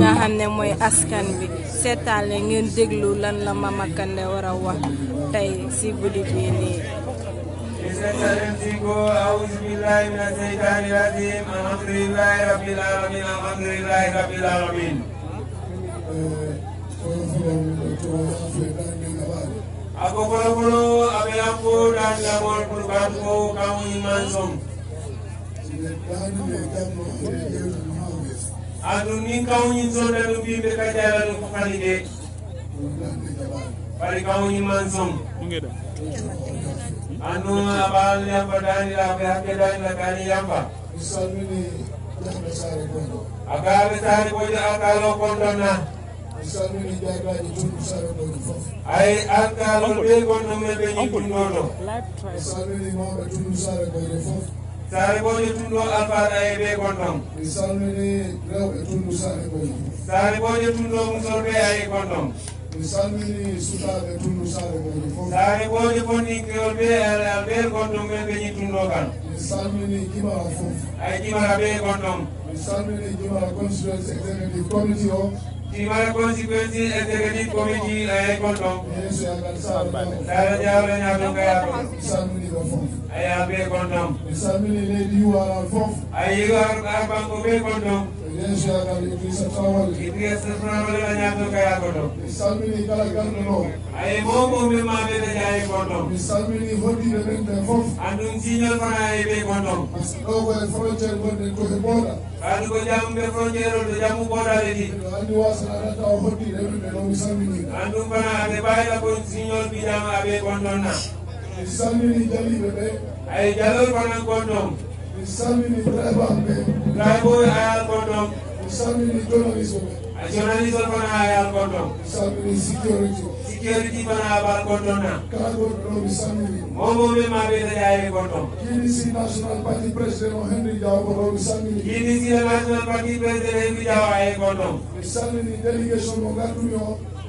nga xamne moy askan bi sétalé ngeen déglu lan la Mama kané wara wax tay si budi bi ni aku kamu andu ni kawñin sodanu mbiɓe kajaranu kokali de bari kawñin man som andu aɓaal yamba daniraɓe hakke danira kani yamba salmini jahɓe sare goyno akaɓe sare goyno akalo kondonna salmini jagaji tundu sare goyno fof ay akalo ɓe gonno men ɓe ñimtunoɗo salmini mawɓe tundu sare goyno fof saare boje tunɗo alfaɗa e ɓe gonɗon mi salmini rewɓe tundu saare boje saare boje tunɗo musolɓe a e gonɗon mi salmini sukaɓe tundu e boje fof saare boje fonni kewol e alal ɓe gonɗon ɓen ɓeñi tunɗo kan mi salmini jimara fof ay jimara ɓe gonɗon mi salmini jimara constituence executive committee o jimara constituency executive committee e gonɗon yeeso yagal saare dara jawre ñaton gayaɗo salminiɓe fof aya be kontom mi salmini leydi yuwaral fof ay yigor ka banko be kontom jeesiyagal idrissa tawal idrissa tawal la ñaato kaya kontom mi salmini kala garɗoɗo ay momo min maɓeɓe jaye kontom mi salmini hoddiɓe ɓen ɓe fof andum signal fana e ɓe kontom par ce que ɗo koye frontiére gonɗen koye booɗa kaɗu ko jamu ɓe frontiére to jamu booɗale ɗi andi wasanaɗa taw hoddiɗe ɓe ɓe ɗo mi salmini andum fana ade mbayla kon signal mbiyama aɓe kontonna mi salmini jaliɓe ɓe ay The konan kon ɗon mi a momo national président henry national président henry délégation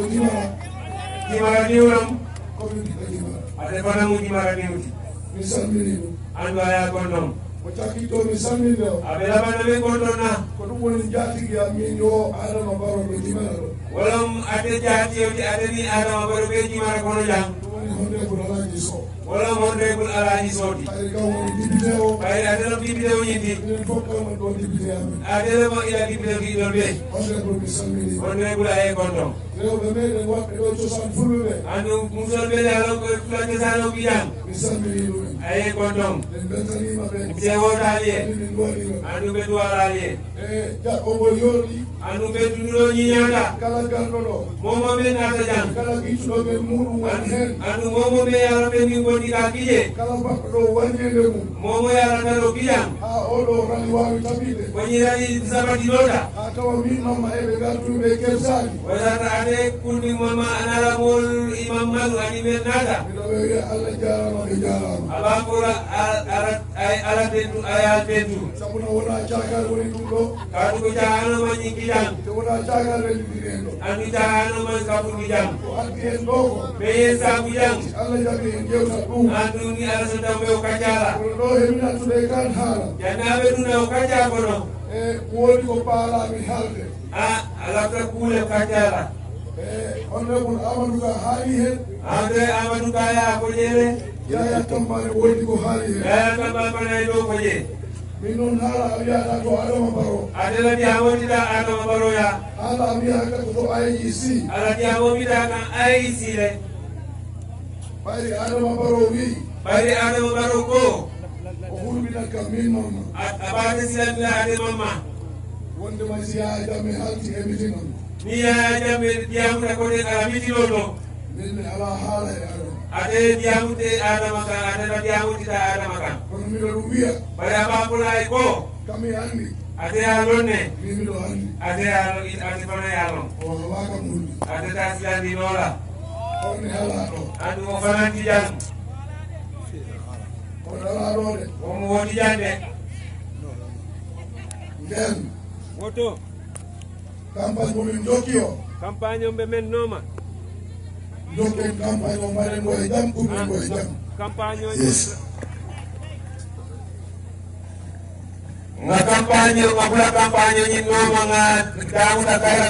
mujimara jimara newlam komi ɗiɓe jimara ate fana mujimara newti mi salminimo andu aya gonnom o cakkitto mi salminno aɓe laɓana ɓe gondonna ko ɗum woni jatigui am min o adama baro ɓe jimara ɗo walam ate jatiyoti adani adama baro ɓe jimara kono jam ɗum woni honde ko nalaji wala mon regul alaji sodi bayri adelom dibide o ñindi adeloma ila dibide ki ɗon ɓe on regul aye anu andu musol ɓele alon ko fulakesano ɓiyan aye gonɗon mbiye wotali anu andu ɓe duwarali e eh, andu ɓe duɗuɗo ñiñata momo ɓe nata jan andu momo ɓe yaro ɓe min go woni kaki kije kala baɗɗo wañede mum momo yaranano kiyam ha oɗo rani wawi tabide woni rani sabatinoɗa ha tawa min mamma eɓe gartuɓe kersaji wasata ade kundi mama analamol imam malu ani men nata miɗaɓe wiya allah jarama ɓe jarama abakora alatendu ayaltendu sabuna wona cagal woni ɗum ɗo kaɗu ko jahanoma ñinki jam te wona cagal rejuɗiri en ɗo andu jahanoman kabundi jam ko addi hen ɗo ko ɓe yen sabu jam allah jaɓi en jewtat ɗum anduni alasa dambe o kacala kono ɗo hemina today kan haala jannaɓe ɗuna o kaca kono e wodi ko paalami haalde a alafta kuule kacala e honorable amadou ga haali hen ande amadou ga yaa ko jeere yaya tambane wodi ko haali hen yaya tambambanay ɗo ko jee min noon haala a wiyaɗa to adama baro adala mbiya wondiɗa adama baroya haala a wiyaka ko to aiec ala mbiya wonmiɗa kan aiec le Bari adama barow wi ɓayde adama barow ko o hulminat kam min mamma a ɓaade silamina ade mamma wondema si yaya jamme halti e mitinon ni yaya jamme ndiyamuta koɗen ala mitinono min ala haala e adama aɗe ndiyamude adama ka aɗaɗa ndiyamutita adama kam kono miɗo ɗum wiya ɓaɗe a ko kami anndi ate yaalonne mimiɗo anndi ate yaalo ate fana yaalon o hawaka mulde ate ta silandi kampanye kampanye kampanye kampanye kampanye kampanye kampanye kampanye kampanye kampanye kampanye kampanye Kampanye kampanye kampanye Kampanye kampanye kampanye kampanye kampanye kampanye kampanye kampanye kampanye kampanye Kampanye. kampanye kampanye kampanye, kampanye kampanye kampanye kampanye kampanye kampanye kampanye kampanye kampanye kampanye kampanye kampanye kampanye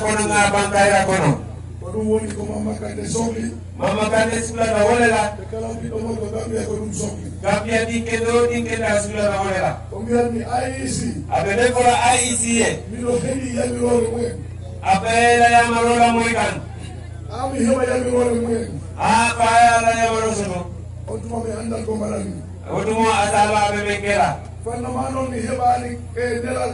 kono kampanye kampanye kampanye kono ɗum woni ko mama kande sohli mama kande suklana hole la e kala mbiɗo molko gambiya ko ɗum sohli gambiya ɗinke ɗo ɗinketa suklana hole la ko mbiyanmi aic aɓe ɓe kola aic e miɗo heeɗi yamirore mumen aɓe layamarora moy kan ami heɓa yamirore mumen a fayala yamaro soto on tuma mi andal ko mbaɗanmi o tuma asalaɓe ɓe kera fannoma noon mi heɓani e nderal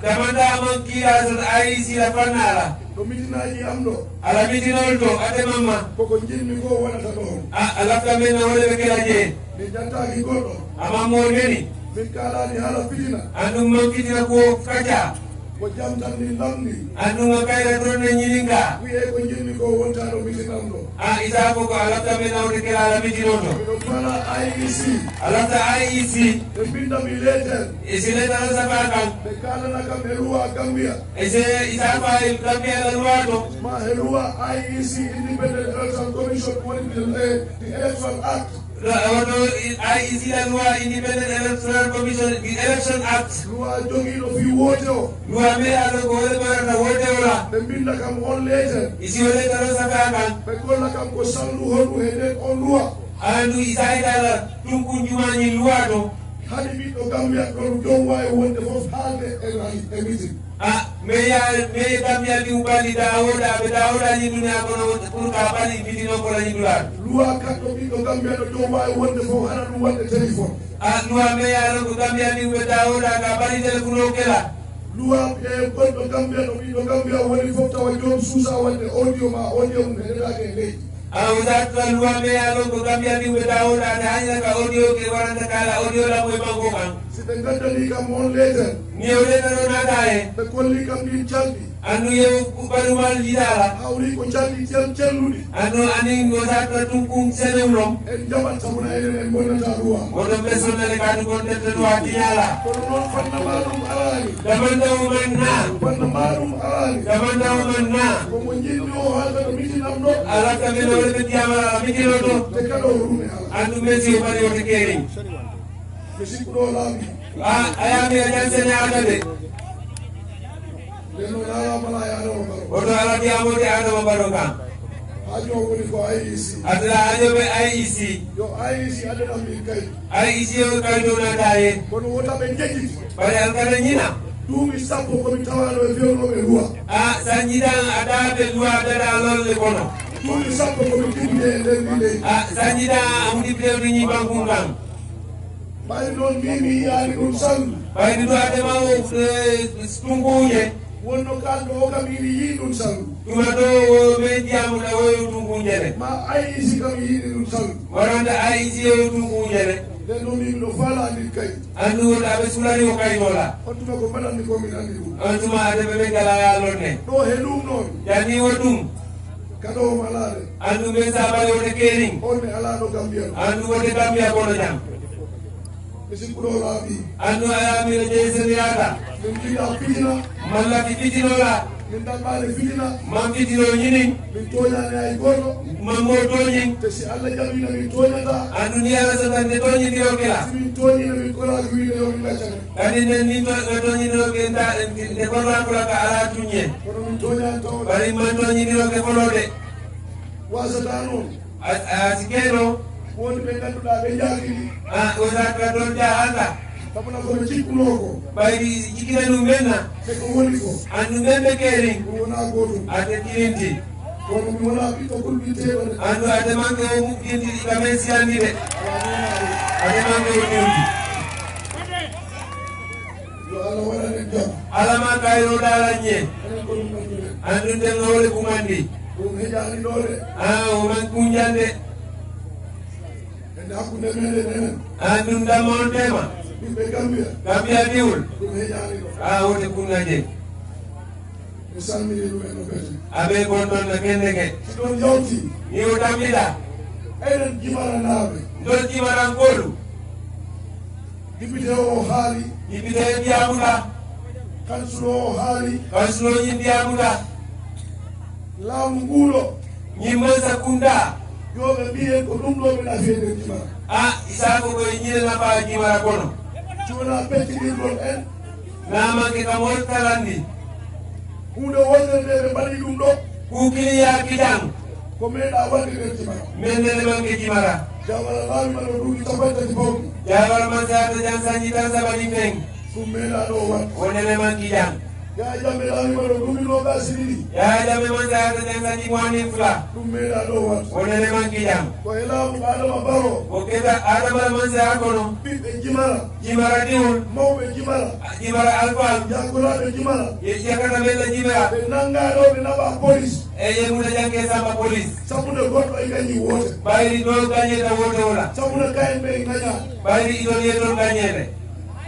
kamanda amankila asat aisila fanala to mitinaji am ɗo ala mitinol to ade mamma koko jinmi go wonata ɗon a alafta men na wole ɓe kela jee mi jantaki goɗɗo ama mool meni min kalani hala fitina andum man fitina ko kaca ko jam tan ni lamdi annuma kayra toon ne ñininga wiye ko jinni ko wontano mitinan ɗo an ah, isa ko ko alafta min nawde kela ala mitino to miɗo fala iec alafta iec ɓe mbindami letel e si letala safa kan ɓe kalana kam e luwa gambia e se isa fa e gambia la luwa to ma e luwa iec independent election commission woni ɓe élection eh, eh, act la Isilaluwa Independent Electoral Commission the Election Act luwa jogi ɗo fi wotewo luwa mbi aɗo ko wole ɓorata wotewola ɓe mbinda kam on leyten isi wole taro safa kan ɓe golla kam ko sandu honɗu he nden on luwa andu isaydala ɗum kunjumañi luwa to hani ɓiɗɗo gambiyan ɗon jon wawi wonde fof haalde e mitin a maya mai damya liu ɓali da woɗa ɓe da woɗa yiduni akono pour qa ɓali bini noon kono yidulaɗo loi kaɗɗo ɓiɗo gambia ɗo ɗo wawi wonde fof hana ɗum wadde téléphone loi mayano ko gambia liu ɓe da woɗa ka ɓali téléphone o keela loi ɓee gonɗo gambia ɗo ɓiɗo gambia woni fof tawa joni suusa wadde audio ma audio mum heɗetake e leydi Auzatwa luame alo kukamia ni wetaona na hanya ka audio ke waranda kala audio la mwe mangoma. Sitenga tani ka mon leza. Ni ole na no nadae. Eh. Takoli kam ni chalbi. anu yew ɓaɗumal yiɗala hawri ko calli jam celluɗi anu anin gotaɗɗo tunkum senewlom en jaɓattamona e eren en gonnata duwa oɗo ɓesonere kadi gondete duwa tiyala kono noon fannama ɗum alani dabandawo man na fannama ɗum alani dabandawo man na komo jinni o haalta ɗo mitinam ɗo ala kamino woɗeɓe diyamal ala mitino ɗo te kaɗo rume ala andu mesi ɓaɗiyote keerin ah, mi sikkuɗo laabi a ayami a jansene ala de Orang aladiyamo te adama baro kan adla ajoɓe aic aic on kaytonata hen bare an kada ñina duuɓi sappo komi tawano e fewnoɓe luwa a sañiɗan adaɓe luwa dada lolle kono duuɓi sappo komi ɗibde e nder ndi leydi a sañiɗa amo ɗibdewde ñibankum kan ɓayri noon mbimi yaani ɗum sandu ɓayri ɗo adema tunkuñe wonno kalɗo o kam ini yii ɗum salu ɗuma ɗo men jiyamuɗa oyo ɗum kuñere ma aisi kam yiiɗi ɗum salu waranda aisi yeyo ɗum kuñere nde noon yimɗo fala andi kay andu wonɗa ɓe sulani ko kaymola antuma ko mbaɗanni komin andi ɗum antuma adeɓe ɓe ngala yalon ne ɗo he ɗum noon janni wo ɗum kaɗo o malade andu ɓe sabale wode kenin onne alaɗo gambiya andu wode gambiya bono jam anno ayamira je sen yaaga mallaki fitinola man fitino ñinin man mo toñin andu ni ala satande toñiniro kila kadi nen ni toñiniro ke nde gonrakula ka ala tuñe bari man toñiniro ke folode asikeno woni ɓe ngannduɗaa ɓe jaakini wonata ɗon jaa annda sabu ah, na kono cikkunoo ko ɓayri jikkina ɗum ɓen na e ko woni ko anndu ɓen kono mi wonaa ɓiɗɗo kulɓinteeɗone anndu ade manque o muɗɗinti kamen siyandire ade manque o ɗirti yo allah waɗanen jam alama kayro ɗaranñe anndu ten howle kumandi ɗum heƴaani ɗo de a o an ɗum damon tema gambia diwol a ah, wote kungaje aɓe gonɗon no kende ke ni o tamɓiɗa ndon jimarankolu dibite o haali dibite ndiyamuɗa kansulo o haali kansuloji ndiyamuɗa laamu nguulo ñimmansa kunda yoɓe mbiye ko ɗum ɗo ɓe nafiede jimara a isako koye ñirana faa jimara e kono cuna pettinirgol en namanke kam wol talandi hunde wonderde ɓe mbaɗi ɗum ɗo kukiliya kidan ko meeɗa wandire jimara mendene manke jimara jawara laamima ɗo ɗuuɗi tapantati bowɗi jawara man sata jan sañi tan sabaɗi feng ɗum meeɗa ɗo wat wonene man kidan ya jamilani mwana kumilo basiri ya jamiman zaata nengani mwani fula kumela do watu onele mangidam kwa ila adam abaro okeda adam almanze akono bibe jimara jimara diul maube jimara jimara alfal yakula be jimara yakana bela jimara benanga do benaba police eye muna jange samba police sabuna goto ikanyi wote bayri do ganyeta wote wala sabuna kayen be ikanya bayri idol yedol ganyete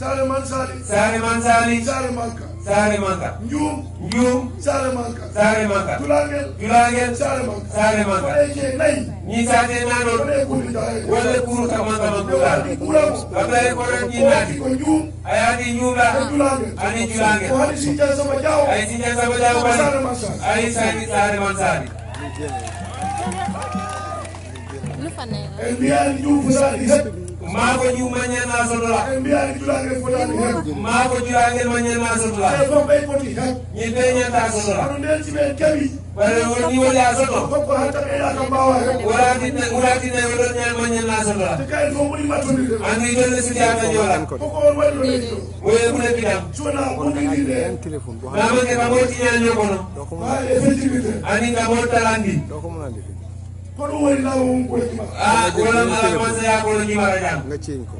Saare Mansaali. Saare Mansaali. Saare Manka. Saare Manka. Njuum. Njuum. Saare Manka. Saare Manka. Tulangel. Tulangel. Saare Manka. Saare Manka. Koɗe je nayi. Ñi saate nanon. Koɗe kuuri taxe. Wolle kuuru kamanga man tulaal. Kuramo. Ablaye koran ji naati. Ko njuum. Ayaati njuumla. Ko tulangel. Ani tulangel. Ko hani Sinjan Saba Diaw. Ay Sinjan Saba Diaw bani. Saare Mansaali. Ay Sani Saare Mansaali. mbiyaani juu fusaani hep maako juuma ñeenaasotola mbiyaani julaange fotaani hep maako julaange ma ñeenaasotola e fom ɓey poti hep ñin ɓe ñeenaasotola kono ndeenci ɓe keɓi bare woni woni a soto kokko hatta ɓeyɗa kam mbawa hep wolatine wolatine oɗon ñaan ma ñeenaasotola te kayen fo ɓuri mattondirde anndi tonne sidiyaana joola koko on wayno leydo woye ɓure kiɗam sona ɓurɗiɗiɗe namake kam wotiñaaño kono e fijibide anndi kam on talandi Por un lado, un ya cuello más.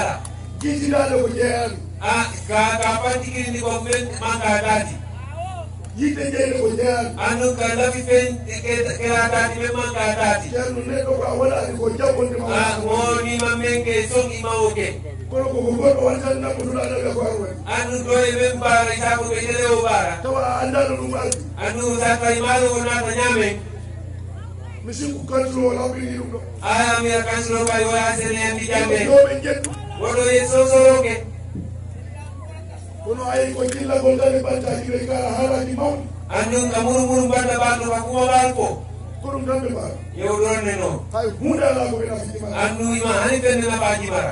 jijirale ko jeeyaami a ka ka patigirindi ko fen manga daati yidde jeyde ko jeeyaami anu ka lafi fen kera daati ɓe manga daati ceerno neɗɗo ko a waɗaani ko jaɓɓonde ma a wonima men ke sogima o ke kono koko goɗɗo wan tan naɓɓotuɗa ɗawi a ko arwani anu ɗo e ɓen mbaara sabu ɓe tele o mbaara tawa a anndano ɗum aldi anu sattawi maaro o naata ñaamen mi sikku kansilo wala ɓeyni ɗum ɗo a miya kansilo kay wala sene mbi jamɓe ɗo ɓe jettu woɗo yen sosoroke kono ayi ko jillagol dane bantaji ɓe gara haalaji mawn andun ka muru muru banda banduma kumabal ko koɗum dande ba yewɗonne noon hay hunde alago ɓe nasitima andu ima hani fennenaɓajimara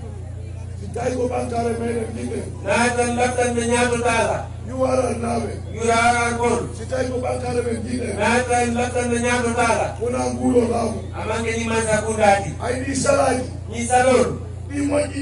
kaygo bankare meɗen You are battande ñaatotala You are yuraran kon si tawi ko bankare men jiɗen naatan battande ñaatotala wona nguuro laamu amanke ñiman sakundaki hayɗi salaji ñi salol ɗi moƴƴi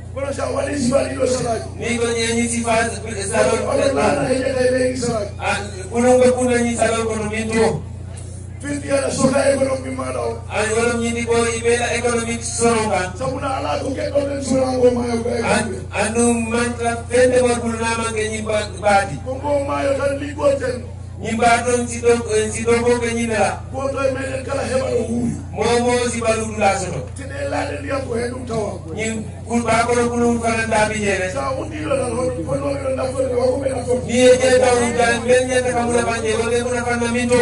wala si wala ni ni bo anu mantra fende wa kulna ma ke ni yimɓa ɗon siɗo e siɗo fo ɓe ñinira koɗo e meɗen kala heɓaɗo wuuri momo sibaluɗu lasoto teɗe e laaɗe ndiyam ko heɗum tawa ɓa kono kulowur fana ndaabijeere sa undiɗoɗan ko ɗoɗo nafoe wakoɓe nafo ni e ƴe tawɗum ɓen ñande kamɓura banƴe wonde ɓura fanna min to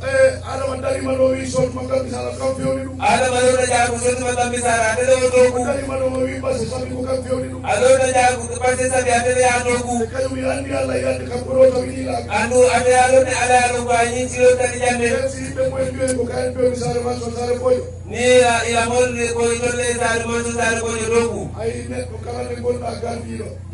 adamadaɗima ɗo wi sotma gambisara kam fewni ɗum adamaɗoɗa jaago sotma gambisara aɗeɗewo dogu kalimaɗoma wi base sabi ko kam fewni ɗum aɗoɗa jaago base sabi aɗeɗe ya dogu kañum yo andi allah yande kam ko ɗo kam yiɗilaɓe andu aɗa yalone ala yalogo a yintiɗo tati jande siɓɓe moen mbiyen ko kaen pewni sare ma son sare boyo ni ila molde ko tolle sare ma son sare boyo dogu ayi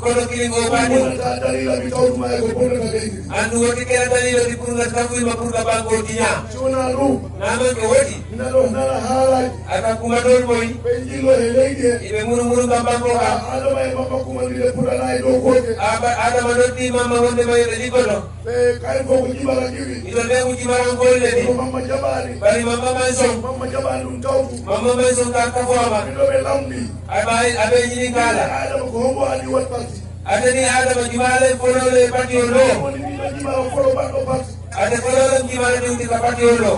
kono kilingo pani dalila bitoruma ekupunga bengi andu mama pura eh, mama mama mama mama mama kala ada adani adama jumale folole patio lo ada folole jumale ni la patio lo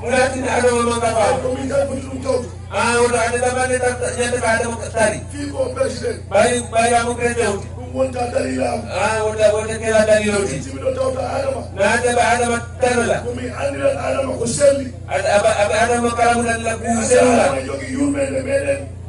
mulati ni adama lo ngapa ah udah ada tamane nyata ka adama tari bayi bayi amu president ah udah udah kira dari loti na adama adama tarla ada adama kalamu dan lagu sela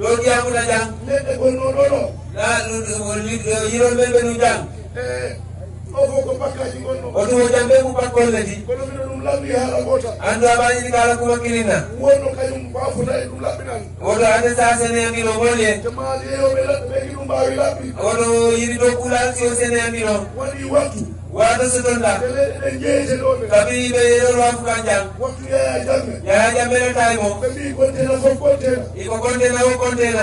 doo jaamu la jàng. ne déggoo noonu looloo. laa nu nu jàng. o ko ko bakkaji gonno o ɗum o jambe mum bakkol ladi kono mino ɗum lamdi haala gota anndu a ɓañini kala kuma kilina wonno kañum bafota e ɗum laɓɓinan oɗo ande sa seneyamino goni en jamaali yeyoɓe laɓɓe ɓe ki ɗum mbawi laɓɓi oɗo yiɗi ɗo kulal si o seneyamino waɗi waɗa segonda eɗen jeeyiteɗoɓe kabi ɓe yerwanko kan jang waktu yaya mo ɓe mbi gontena fof gontena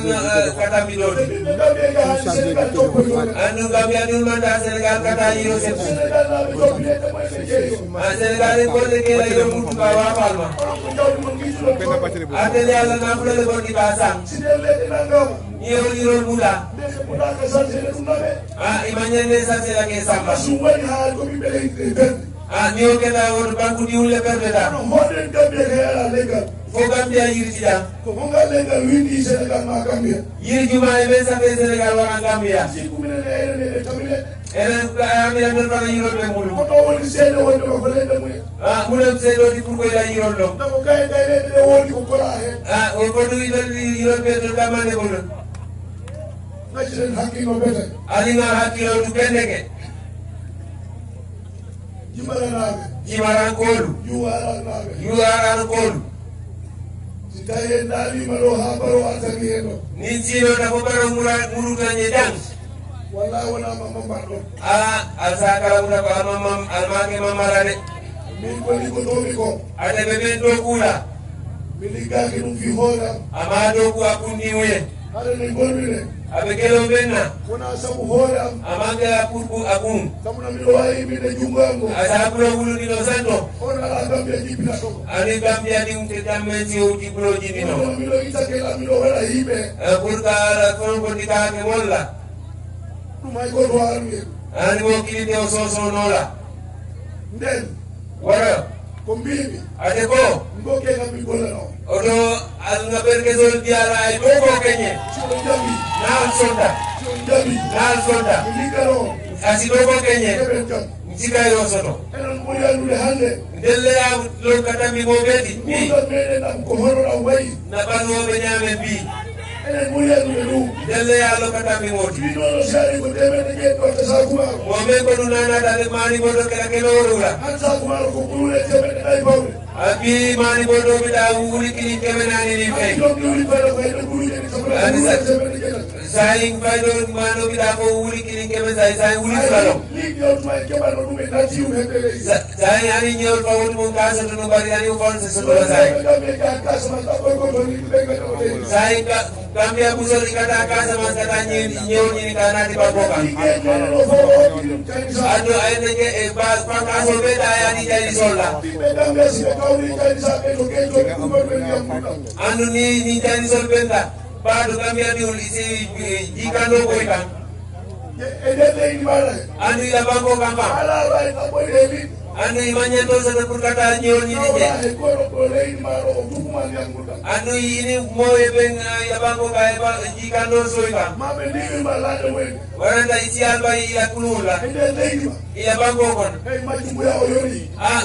an kata miɗoɗe andu gambiyanul manda sénégal kata yiro sef ah, a sénégal en kode kela yiro mutuka wa palma atele allah nafulole gonɗi ɓa sang yewol yirol muɗa a imañande sarselake samba a niwo keta woto banque ɗi hulle perɓe ta fo Gambia yiritina ko fonga leggal windi sénégal ma gambia yirjumane ɓe safe sénégal wona gambia sikkuminene enen eh, ene tawile ah, enen amiranɗon ɗona yiroɓe muɗum koto woni seeɗo wonde ko leyɗe ah, mune a munen seeɗoti pour koyla yirol ɗon dabo kay gayleɗe ɗe wodi ko kola hen a o goɗɗo yiɗon yiroɓe ɗon ɗammande goɗon gacciten hakkilo bete alinga hakkilo ɗum ɓendeke jimaranaɓe jimarankoolu yuwaranaɓe yuwaranakoolu titayendanimalo habaro atangiyeno nin sino nafo baro murutañedan walla wona mama mbaɗɗo a alsakala wuna ko amamam almake mamarane min koni ko tomi ko aɗa ɓe ɓen dow kuula mi liggaki fi hoonam ama dow ku a kunniwuye haɗa ni gonmine abekele mbena kuna asabu hora amanga akurku akung samuna miwai mine jungango asabula ulu dino sando ona agambia jibina soko ane gambia ni mketamenti ya ujibulo jibino kuna milo isa kela milo hora hibe akurka e, ala kongo nita hake mwola tumaikoro harwe ane mwokili teo soso nola nden wara kumbibi ateko mgoke kambigola nao oto alna ɓerke zone mbiyaɗa ay ɗo ko keñe naan sonda naan sonda asi ɗo ko keñe sika yo soto ndelleya lonkatami mo ɓeeɗi mi na ɓanoɓe ñaame mbi ndelleya lokatami mooti mo men ko ɗum nanaɗa de manimo dokkela keɗo worula Abi mani bodo bila wuri kini kemana ni ni fai. Ani sa saing fado mano bila ko wuri kini kemana saing saing wuri falo. Saing ani nyol fawul mo kasa tu bari ani ufon sa sulo saing. Saing kami abu sol ikata kasa mas kata nyol nyol nyini kana di pakokan. Aduh ayat ni ke ebas eh, pakasol beda ayat jadi sola. anuni nincani solpenta pado cambiadiol ise jikanokoyban anu ilabankokampa anoiva nyando dzakakurikata anyoniiyeanoiri moveveyabangokayikandosoka varandaiti yabaiyakunula yabangokona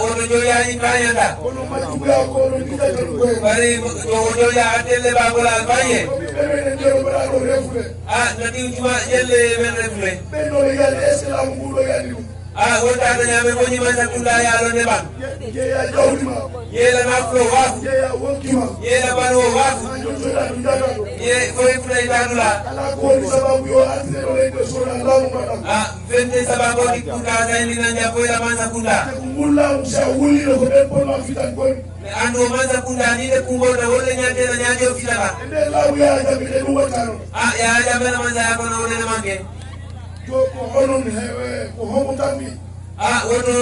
onojoyaikayandaoojoyaatele bangolaaye ndatiuchuma yeleveneule wontaɓe ñaame moñi maña kulla yaalonde ɓan jeeya jawdi ma yeela makkulo waaku jeeya wonki ma yeela bano waaku ye koye fulay taanula ala kooni sababu yo artineɗoɗe sona lamu maɗam a fende sababu ɗi kunda saylina jaboyla maña kunda mullamu sa wulino ko ɓen bonma fitan goni ando maza kundanile kumbona wole nyatena nyajo fitala ende lamu ya jamile ɗum watano a ah, ya jamela maza yakona wonene mange kuhonun hewe kuhonun tambi woto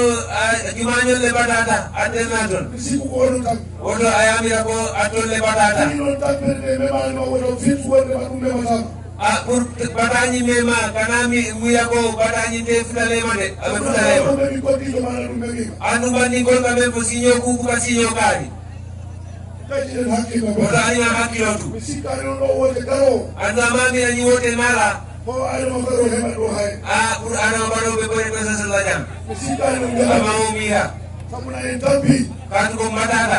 jumañol le batata addena toon siku ko onon tan woto a yamira ko attol le batata ɗon tampere memano woto fit wonde ma ɗum mematama a pour batañi mema kanami wiya ko batañi te futalema de aɓe futalema ɗumi goddijo mana ɗum memima an ɗum banni gonka men ko signo kukuka signo kaari woto aña hakkilo tu sikkani on ɗo wote garowo annamami añi wote a qur'ana o mbaɗo ɓe ɓoyɗe ɓesa sallah jam amamo mbiya katu ko mbaɗaɗa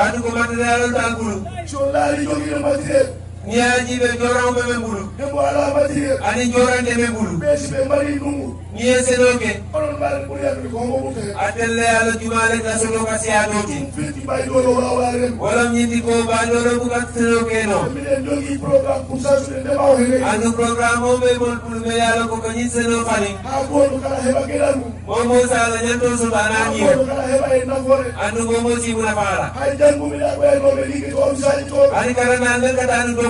Bani ko mati na yalo ta bolo. Shola ri jogi na mati de. nianyi benyora ube bengulu aninyora nde bengulu niesenoke atele alo jumale nasoloka si adoti walamnyindiko balolobukatenokeno ano program obe molpulume yaloko konyisenofani momosa alo nyantoso bananyio ano momosi munafala anikaranalmekatanudo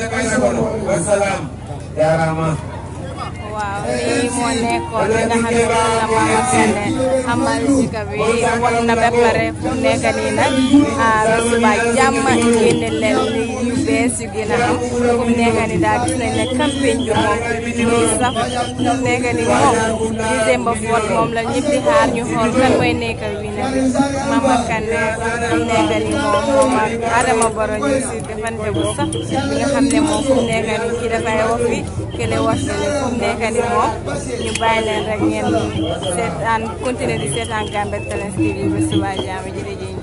na kai saboda wassalam yarama waaw lii moo nekkoon li nga xam ne moom la fu nekk nii nag ah, a am la ñëpp di xaar ñu xool kan mooy nekk winner wax fi kële fu nekk yi moom ñu bàyyi leen rek ngeen seetaan continuer di seetaan Gambian Talents TV ba suba jàmm jërëjëf